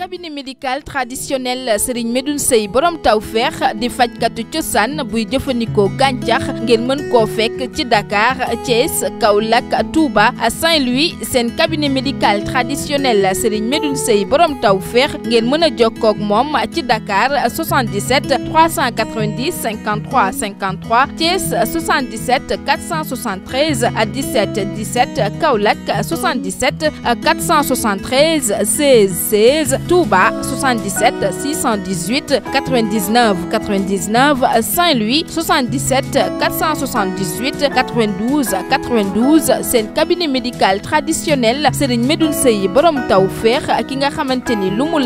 cabinet médical traditionnel Serigne Medoun Sey borom tawfeex di fajkatu cosaan buy jëfandikoo gàncax ngeen mën ko fekk ci Dakar Thiès Kaolack Touba Saint-Louis sen cabinet médical traditionnel Serigne Medoun Sey borom tawfeex ngeen mën jokk ci Dakar 77 390 53 53 Thiès 77 473 17 17 Kaolack 77 473 16 16. 77 618 99 99 Saint-Louis 77 478 92 92 C'est le cabinet médical traditionnel Serigne Medoun Seye borom taw ki nga xamanteni lumu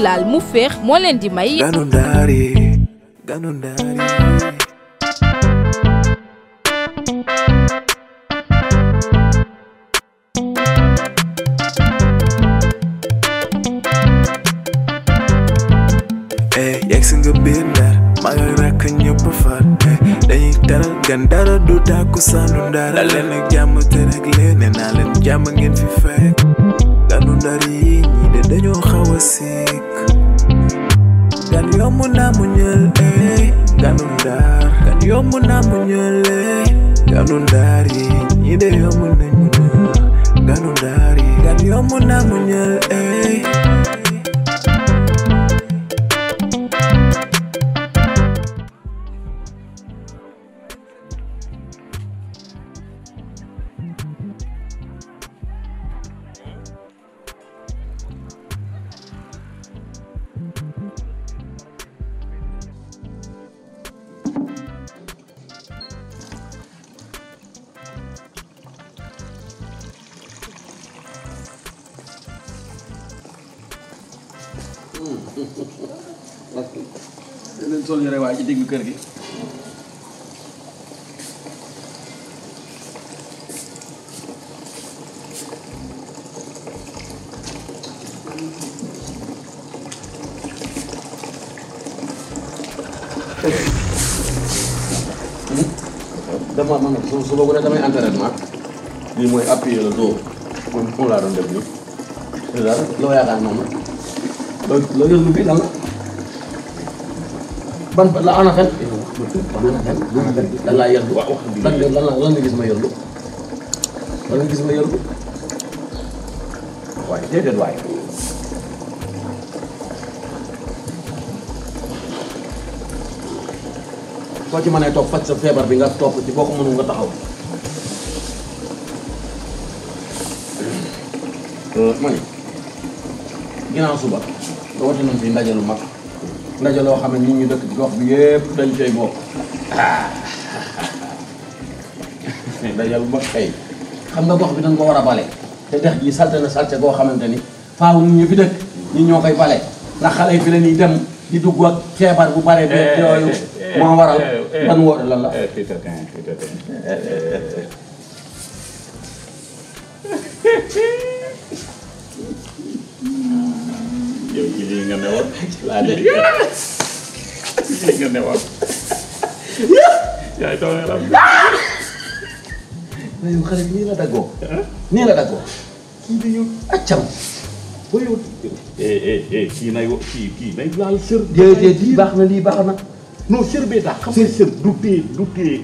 gan dara du ku sanu ndara leen ak jàmm te rek leen nee naa leen ngeen fi fek ganu ndar yi de dañu xawa sik gan yomb na mu ñeul ey ganu ndar gan yomb naa mu ñeul ey ganu ndar de mu ganu gan yomb na mu ñeul te leen sol yore kër gi dafa man su su boobu rek damay entraînement lii mooy appuyer le dos moom moom laa doon def nii loolu yaakaar noonu lo lo bi lebih lama ban la anak kan ana kan kan lan laa yellu waaw lan lan lan nga gis ma yellu lan nga gis ma yellu dua. déedéet waaye soo ci mënee toog faj sa feebar bi nga toog ginnaaw suba doote nañ fi ndaje lu mag ndaje loo nit ñu dëkk ci gox bi yépp dañ cay bokk ndaje lu mag xam nga gox bi dañ ko war a bale dex ji salte na salte goo xamante faaw nit ñu fi dëkk ñi fi dem di dugg ak feebar bu bare de yooyu moo waral ban la laa de lii nga ne waaw yaay doon yaram nii la daggoo nii la daggoo kii di yow accam ba yow kii nay kii kii nay laal sër déedéet lii baax na lii baax na non sër bee tax xam nga sër du tee du tee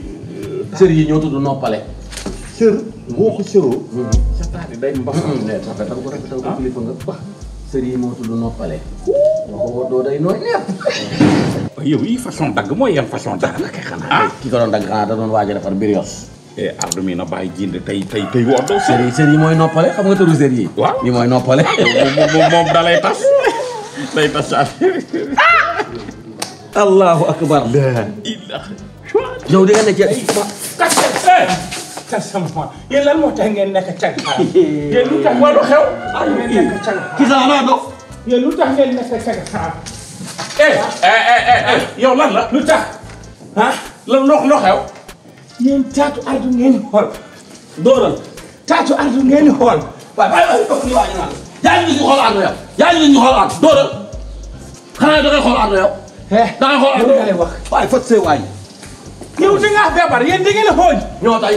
sër yi ñoo tudd noppale sër boo ko sëroo sa taat day mbax ne tax da ko rek taw ko kilifa nga seri moo tudd noppale waxu woddoo day nooy nepp yow yi façon dagg mooy yan façon dagg la ah. kay xanaa ki ko doon dagg xanaa da eh, doon a defar mbir e ardu mi na bàyyi jind tey tey tey woddoo seri? sëriñ mooy noppale xam nga tëru sëriñ yi waaw yi mooy dalay tas day tas allahu akbar la di nga ci cas sama point yéen lan moo tax ngeen nekk càngaay. yéen lu tax wàllu xew. ngeen nekk càngaay kii sax naa dox. yéen lu tax ngeen nekk càngaay. Eh, eh, eh, eh yow lan la. lu tax ah lan loo loo xew. yéen taatu ardu ngeen xool. dooral taatu ardu ngeen xool. waaw waaye waaye kooku ñu waa ñu naan yaa ngi ñu xool ànd yow yaa ngi ñu xool ànd dooral xanaa da ngay xool ànd yow. da ngay xool ànd yow waaye fot see waay. yow da ngaa feebar yéen da ngeen a xooj. ñoo tay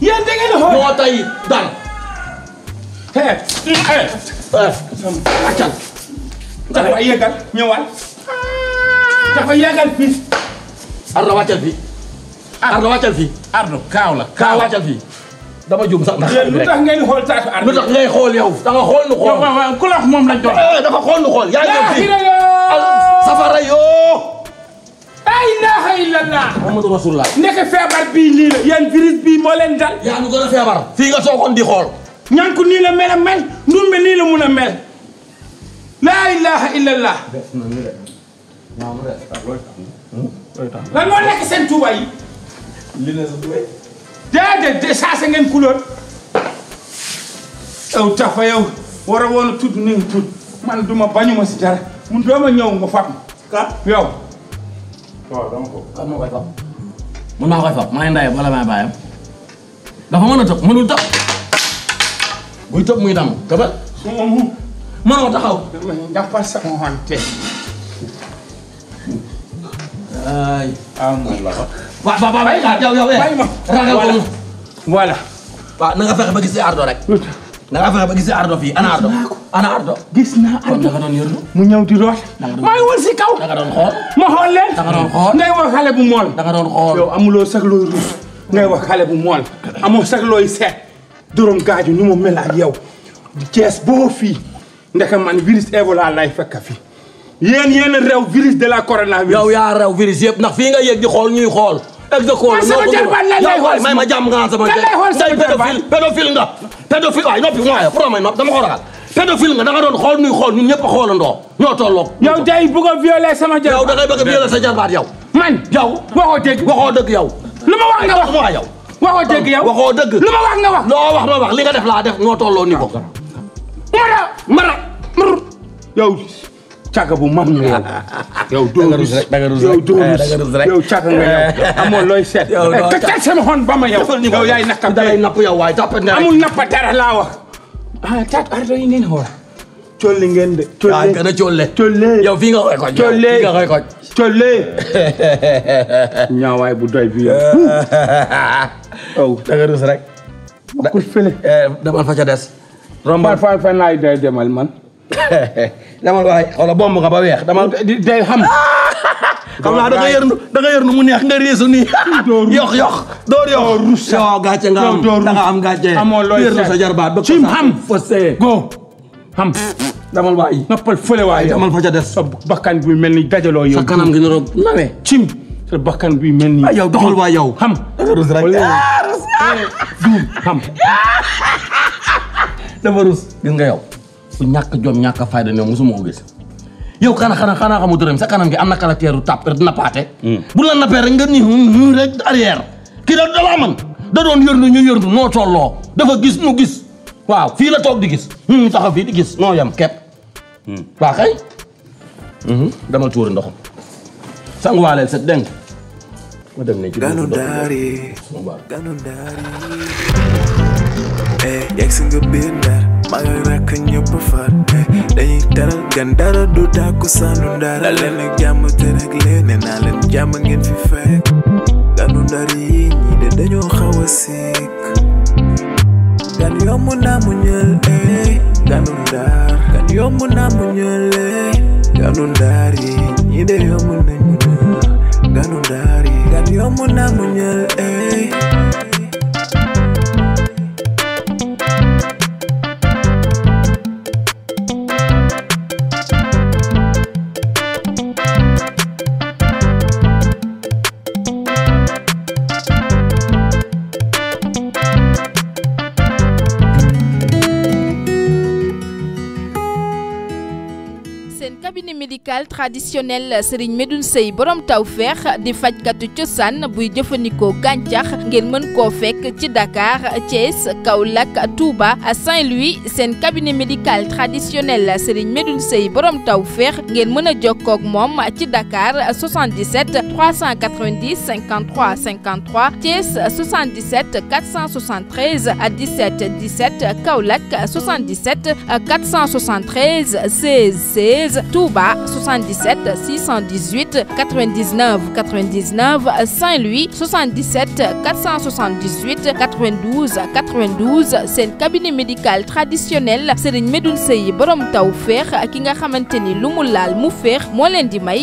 yéen da ngeen xool moo tay dal. hee hee. Eh. accal. dafa yeggal ñëwal. dafa yeggal fii. Ardo wàccal fii. Ardo wàccal fii. Ardo kaaw la kaaw wàccal fii. dama juum sax ndax lu tax ngay xool taatu Ardo. lu tax ngay xool yow. da xool nu xool. ku la moom lañ doon. Eh, dafa xool nu xool. yaa ngi yoo. illallah Muhammadu rasulullah nekk feebar bii lii la yéen virus bii moo leen dal yaa ñu gën a feebar fii nga soogoon di xool ñaan ko nii la mel a mel ndun bi nii la mun a mel laa ilaha illallah hmm? lan moo nekk seen tuuba yi li na sa tuuba déedéet changé ngeen couleur yow war a woon a tudd ni tudd man duma bañuma si dara mun dooma ñëw nga fab yow waaw dama ko. kan moo koy fab. mën naa koy fab maa ngi ndayam wala maa bàyyam dafa mën a tëb mënul tëb buy tëb muy damm kabal. mënoo taxaw. dafa soxante. ay amoon la waaw. waaw waaw waaw yow yow yow. ragal ko voilà. waaw na nga fexe ba gis Ardo rek. da nga fexe ba gis ardo fii ana ardo ana mu ñëw di root maa ngi woon kaw da xool ma xool leen doon xool ngay wax xale bu mool da nga amuloo sax looy ruus ngay wax xale bu mool amu sax looy seet doroom gaaju ni mu mel ak yow boo fii ndeka man virus Ebola lay fekk fi yéen yéen rew virus de la corona yow yaa rew virus yëpp ndax fii nga yëg di xool ñuy xool ex de corps sama jarbaat lan lay xool may ma jàmm nga sama lan lay xool sama pédophile pédophile nga pédophile waay noppi waaye pour may noppi dama ko ragal pédophile nga da nga doon xool nuy xool ñun ñëpp a xoolandoo ñoo tolloo yow tey bëgg a violer sama jarbaat yow da ngay bëgg a violer sa jarbaat yow man yow waxoo dëgg waxoo dëgg yow lu ma wax nga wax waa yow waxoo dëgg yow waxoo dëgg lu ma wax nga wax loo wax ma wax li nga def laa def ñoo tolloo ni ko mara mara yow caka bu mag nga yow. yow doo rek danga rus yow doo eh, rus yow caka nga yow amoo looy seet. yow doo eh, ca ca sama xon ba ma yow. yow yaay naka da lay napp yow waaye topp na amul nappa dara laa wax. ah tat ardo yi ngeen xool. colli ngeen de. ah gën a colle. colle yow fii nga koy ko. colle fii nga koy ko. colle. ñaawaay bu doy bi yow. yow danga rus rek. bokkul fële. Eh, demal fa ca des. rombal fan fan laay doy demal man. demal waay wala bomb nga ba weex demal day xam. Ah! xam naa mu neex nga réesu nii. yox yox door yox. doo rus yow gàcce nga am go xam. damal waay noppal fële waay damal fa ca des. sa bakkan bi mel ni dajaloo yow. sa kanam gi noro nawe. cim sa bakkan bi mel ni. yow doxal yow. xam rus nga yow. fu ñak jom ñàkk fayda ne musuma ko gis yow kana kana kana xamu dërem sa kanam gi kala téru tap hmm. hmm, hmm, rek na paté bu la nappee rek nga ni rek arrière kii da la man da doon yërnu ñu yërnu no tolloo dafa gis nu gis waaw fi la tok di gis taxaw fi di gis yam kep hmm waa kay mhm, dama tuuri ndoxam sang waaleel sa denk ma dem ne ci ganu dari ganu dari eh yegsi nga biir Magana ngi nekk ñëpp fàtte dañuy teral gan dara du tàkku sànnu ndara da leen ak jàmm te de dañoo khawasik a gan yomb naa mu ñël gan yomb naa mu ñël ey ganu ndar yi eh. de yomb nañu gan traditionnel Serigne medoun sey borom tawféex di fajkatu cosaan buy jëfandikoo gàncax ngeen mën ko fekk ci Dakar Thiès Kaolack Touba Saint-Louis un cabinet médical traditionnel Serigne medoun sey borom tawféex ngeen mën a ci Dakar 77 390 53 53 Thiès 77 473 17 17 Kaolack 77 473 16 16 Touba. 77 618 99 99 Saint-Louis 77 478 92 92 C'est un cabinet médical traditionnel C'est Medoune borom taw qui ki nga